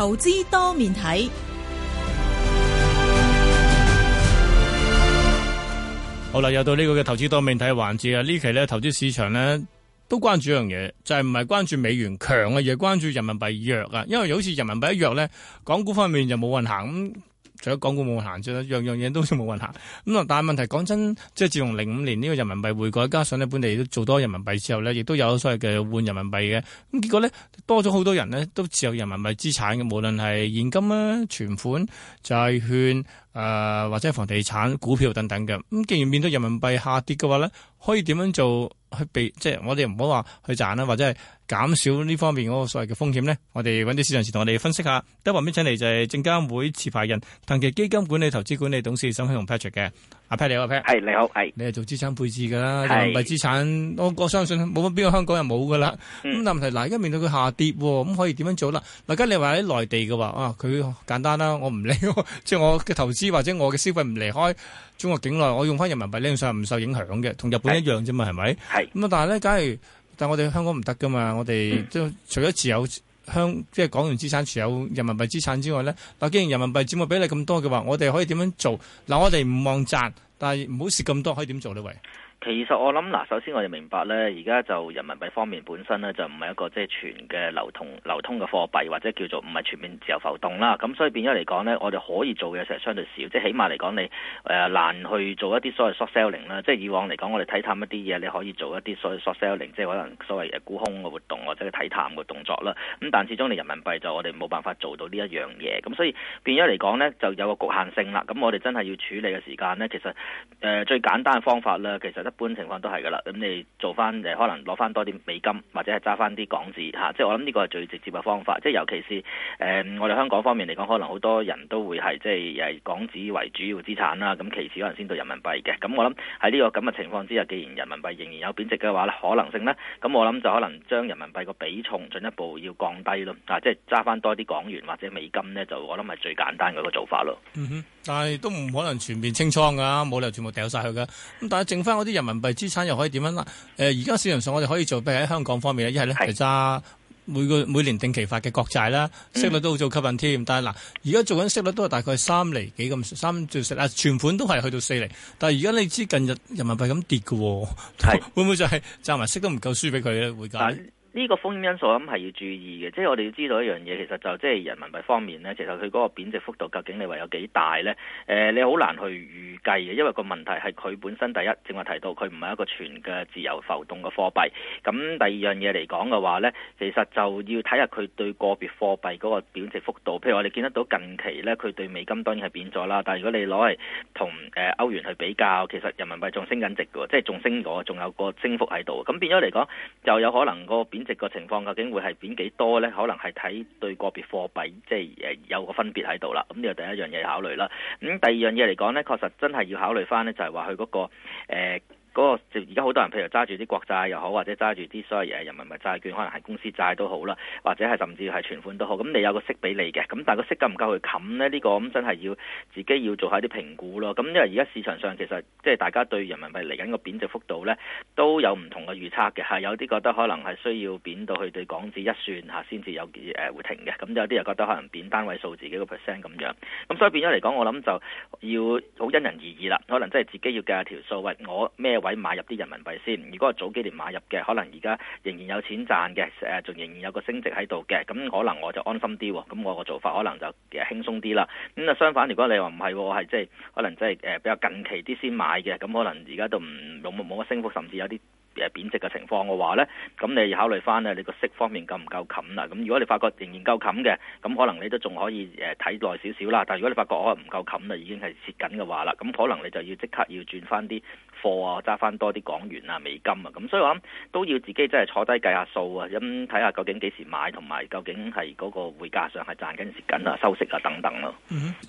投資多面體，好啦，又到呢個嘅投資多面體環節啦。呢期咧，投資市場咧都關注一樣嘢，就係唔係關注美元強嘅嘢，關注人民幣弱啊。因為好似人民幣一弱咧，港股方面就冇運行咁。除咗港股冇行之外，樣樣嘢都冇運行。咁啊，但係問題，講真，即係自從零五年呢個人民幣匯改，加上呢本地都做多人民幣之後呢，亦都有所謂嘅換人民幣嘅。咁結果呢，多咗好多人呢都持有人民幣資產嘅，無論係現金啊、存款、債券。誒、呃，或者房地產、股票等等嘅，咁既然面對人民幣下跌嘅話咧，可以點樣做去避？即係我哋唔好話去賺啦，或者係減少呢方面嗰個所謂嘅風險呢。我哋揾啲市場人士同我哋分析下。第一位呢請嚟就係證監會持牌人、近期基金管理、投資管理董事沈亨榮同 Patrick 嘅。阿、啊、Patrick，係你好，你係做資產配置噶啦，人民幣資產。我我相信冇乜邊個香港人冇噶、嗯、啦。咁但係嗱，而家面對佢下跌，咁可以點樣做啦？大家你話喺內地嘅話，佢、啊、簡單啦、啊，我唔理，即、就、係、是、我嘅投資。或者我嘅消費唔離開中國境內，我用翻人民幣呢，上係唔受影響嘅，同日本一樣啫嘛，係咪是？係吧。咁啊、嗯，但係咧，假如，但係我哋香港唔得噶嘛，我哋都除咗持有香即係港元資產，持有人民幣資產之外咧，嗱，既然人民幣佔嘅比例咁多嘅話，我哋可以點樣做？嗱，我哋唔望賺，但係唔好蝕咁多，可以點做呢？喂？其實我諗嗱，首先我哋明白呢，而家就人民幣方面本身呢，就唔係一個即係全嘅流通流通嘅貨幣，或者叫做唔係全面自由浮動啦。咁所以變咗嚟講呢，我哋可以做嘅事係相對少，即係起碼嚟講你誒、呃、難去做一啲所謂 short selling 啦。即係以往嚟講，我哋睇淡一啲嘢，你可以做一啲所謂 short selling，即係可能所謂誒沽空嘅活動或者係睇淡嘅動作啦。咁但係始終你人民幣就我哋冇辦法做到呢一樣嘢，咁所以變咗嚟講呢，就有個局限性啦。咁我哋真係要處理嘅時間呢，其實誒、呃、最簡單嘅方法啦，其實～一般情況都係噶啦，咁你做翻誒，可能攞翻多啲美金或者係揸翻啲港紙嚇，即係我諗呢個係最直接嘅方法。即係尤其是誒，我哋香港方面嚟講，可能好多人都會係即係誒港紙為主要資產啦。咁其次可能先到人民幣嘅。咁我諗喺呢個咁嘅情況之下，既然人民幣仍然有貶值嘅話，可能性呢，咁我諗就可能將人民幣個比重進一步要降低咯。啊，即係揸翻多啲港元或者美金呢，就我諗係最簡單嘅一個做法咯。嗯哼。但係都唔可能全面清倉噶，冇理由全部掉晒佢嘅。咁但係剩翻嗰啲人民幣資產又可以點樣？誒、呃，而家市場上我哋可以做，譬如喺香港方面咧，一係呢，就揸是每個每年定期發嘅國債啦，息率都好做吸引添。嗯、但係嗱，而家做緊息率都係大概三厘幾咁，三至四、啊、全款都係去到四厘。但係而家你知近日人民幣咁跌嘅喎，是會唔會就係、是、賺埋息都唔夠輸俾佢咧？會解？呢個風險因素咁係要注意嘅，即係我哋要知道一樣嘢，其實就即係人民幣方面呢，其實佢嗰個貶值幅度究竟你話有幾大呢？誒、呃，你好難去預計嘅，因為個問題係佢本身第一，正話提到佢唔係一個全嘅自由浮動嘅貨幣。咁第二樣嘢嚟講嘅話呢，其實就要睇下佢對個別貨幣嗰個貶值幅度。譬如我哋見得到近期呢，佢對美金當然係貶咗啦。但係如果你攞嚟同誒歐元去比較，其實人民幣仲升緊值㗎喎，即係仲升咗，仲有個升幅喺度。咁變咗嚟講，就有可能個貶咁值個情況究竟會係貶幾多咧？可能係睇對個別貨幣，即係誒有個分別喺度啦。咁呢個第一樣嘢考慮啦。咁第二樣嘢嚟講咧，確實真係要考慮翻咧、那個，就係話佢嗰個誒。嗰個而家好多人，譬如揸住啲國債又好，或者揸住啲所謂人民幣債券，可能係公司債都好啦，或者係甚至係存款都好。咁你有個息俾你嘅，咁但係個息夠唔夠去冚呢？呢、呢個咁真係要自己要做下啲評估咯。咁因為而家市場上其實即係大家對人民幣嚟緊個貶值幅度呢，都有唔同嘅預測嘅，係有啲覺得可能係需要貶到去對港紙一算嚇先至有誒、呃、會停嘅，咁有啲又覺得可能貶單位數字幾個 percent 咁樣。咁所以變咗嚟講，我諗就要好因人而異啦。可能真係自己要計下條數，喂，我咩？位買入啲人民幣先。如果係早幾年買入嘅，可能而家仍然有錢賺嘅，誒、啊，仲仍然有個升值喺度嘅。咁、嗯、可能我就安心啲，咁、嗯、我個做法可能就輕鬆啲啦。咁、嗯、啊，相反，如果你話唔係，我係即係可能即係誒比較近期啲先買嘅，咁、嗯、可能而家都唔冇冇乜升幅，甚至有啲誒貶值嘅情況嘅話呢。咁、嗯、你考慮翻呢，你個息方面夠唔夠冚啦？咁、嗯、如果你發覺仍然夠冚嘅，咁、嗯、可能你都仲可以誒睇耐少少啦。但係如果你發覺我係唔夠冚啦，已經係蝕緊嘅話啦，咁、嗯、可能你就要即刻要轉翻啲貨啊，揸翻多啲港元啊、美金啊，咁所以我諗都要自己真係坐低計下數啊，咁睇下究竟幾時買，同埋究竟係嗰個匯價上係賺緊蝕緊啊、收息啊等等咯。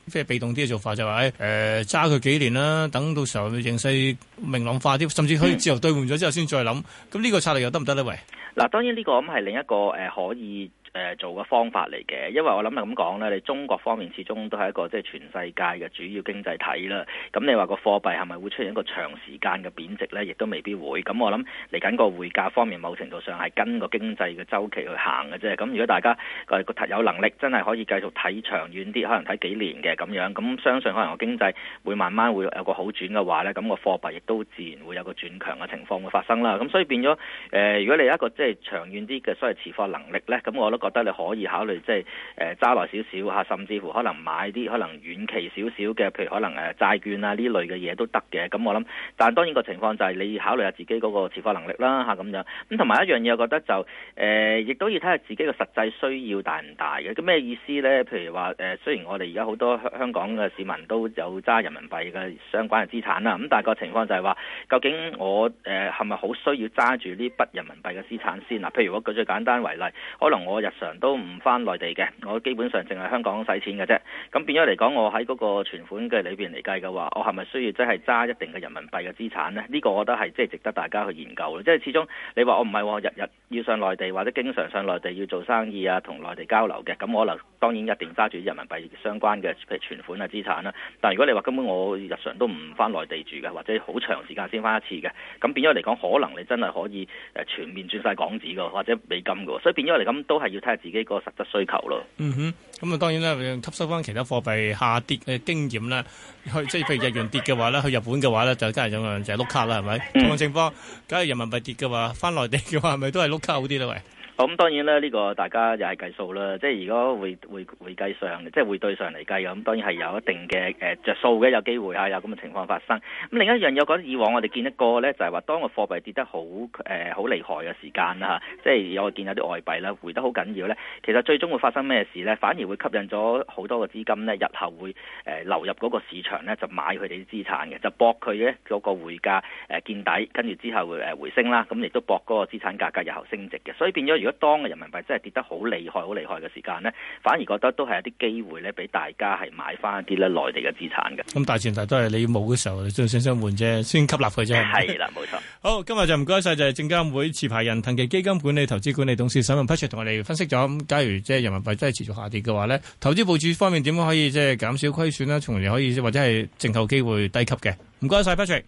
即係、嗯、被動啲嘅做法就係誒揸佢幾年啦，等到時候形勢明朗化啲，甚至可以自由兌換咗之後先再諗。咁呢個策略又得唔得呢？喂，嗱，當然呢個咁係另一個誒、呃、可以。誒做個方法嚟嘅，因為我諗係咁講咧，你中國方面始終都係一個即係全世界嘅主要經濟體啦。咁你話個貨幣係咪會出現一個長時間嘅貶值呢？亦都未必會。咁我諗嚟緊個匯價方面，某程度上係跟個經濟嘅周期去行嘅啫。咁如果大家誒個有能力真係可以繼續睇長遠啲，可能睇幾年嘅咁樣，咁相信可能個經濟會慢慢會有個好轉嘅話呢。咁個貨幣亦都自然會有個轉強嘅情況會發生啦。咁所以變咗誒，如果你有一個即係長遠啲嘅所謂持貨能力呢。咁我覺得，覺得你可以考慮即係誒揸耐少少嚇，甚至乎可能買啲可能遠期少少嘅，譬如可能誒、呃、債券啊呢類嘅嘢都得嘅。咁、嗯、我諗，但係當然個情況就係你考慮下自己嗰個持貨能力啦嚇咁樣。咁同埋一樣嘢，我覺得就誒、呃、亦都要睇下自己嘅實際需要大唔大嘅。咁咩意思呢？譬如話誒、呃，雖然我哋而家好多香港嘅市民都有揸人民幣嘅相關嘅資產啦，咁、嗯、但係個情況就係話，究竟我誒係咪好需要揸住呢筆人民幣嘅資產先嗱？譬如我舉最簡單為例，可能我日常都唔翻內地嘅，我基本上淨係香港使錢嘅啫。咁變咗嚟講，我喺嗰個存款嘅裏邊嚟計嘅話，我係咪需要真係揸一定嘅人民幣嘅資產呢？呢、呢個我覺得係即係值得大家去研究嘅。即係始終你話我唔係喎，日日要上內地或者經常上內地要做生意啊，同內地交流嘅，咁我可能當然一定揸住人民幣相關嘅存款啊資產啦。但如果你話根本我日常都唔翻內地住嘅，或者好長時間先翻一次嘅，咁變咗嚟講，可能你真係可以誒全面轉晒港紙嘅，或者美金嘅。所以變咗嚟講都係要，睇下自己個實質需求咯。嗯哼，咁啊當然啦，吸收翻其他貨幣下跌嘅經驗啦。去即係譬如日元跌嘅話咧， 去日本嘅話咧，就係真係咁樣就係、是、碌卡啦，係咪？同個情況，假如人民幣跌嘅話，翻內地嘅話，係咪都係碌卡好啲咧？喂？咁當然啦，呢、這個大家又係計數啦，即係如果會會會計上，即係會對上嚟計咁，當然係有一定嘅誒着數嘅，有機會啊有咁嘅情況發生。咁、嗯、另一樣有覺得以往我哋見得過咧，就係、是、話當個貨幣跌得好誒好厲害嘅時間啦、啊、即係有見有啲外幣啦，回得好緊要咧，其實最終會發生咩事咧？反而會吸引咗好多嘅資金咧，日後會誒、呃、流入嗰個市場咧，就買佢哋啲資產嘅，就博佢咧嗰個匯價誒、呃、見底，跟住之後誒、呃、回升啦，咁亦都博嗰個資產價格日後升值嘅。所以變咗如果當人民幣真係跌得好厲害、好厲害嘅時間咧，反而覺得都係一啲機會咧，俾大家係買翻一啲咧內地嘅資產嘅。咁大前提都係你冇嘅時候，再想想換啫，先吸納佢啫，係咪？ 啦，冇錯。好，今日就唔該晒就係證監會持牌人騰奇基金管理投資管理董事沈文 Patrick 同我哋分析咗。假如即係人民幣真係持續下跌嘅話咧，投資部署方面點樣可以即係減少虧損啦？從而可以或者係淨購機會低級嘅。唔該晒 Patrick。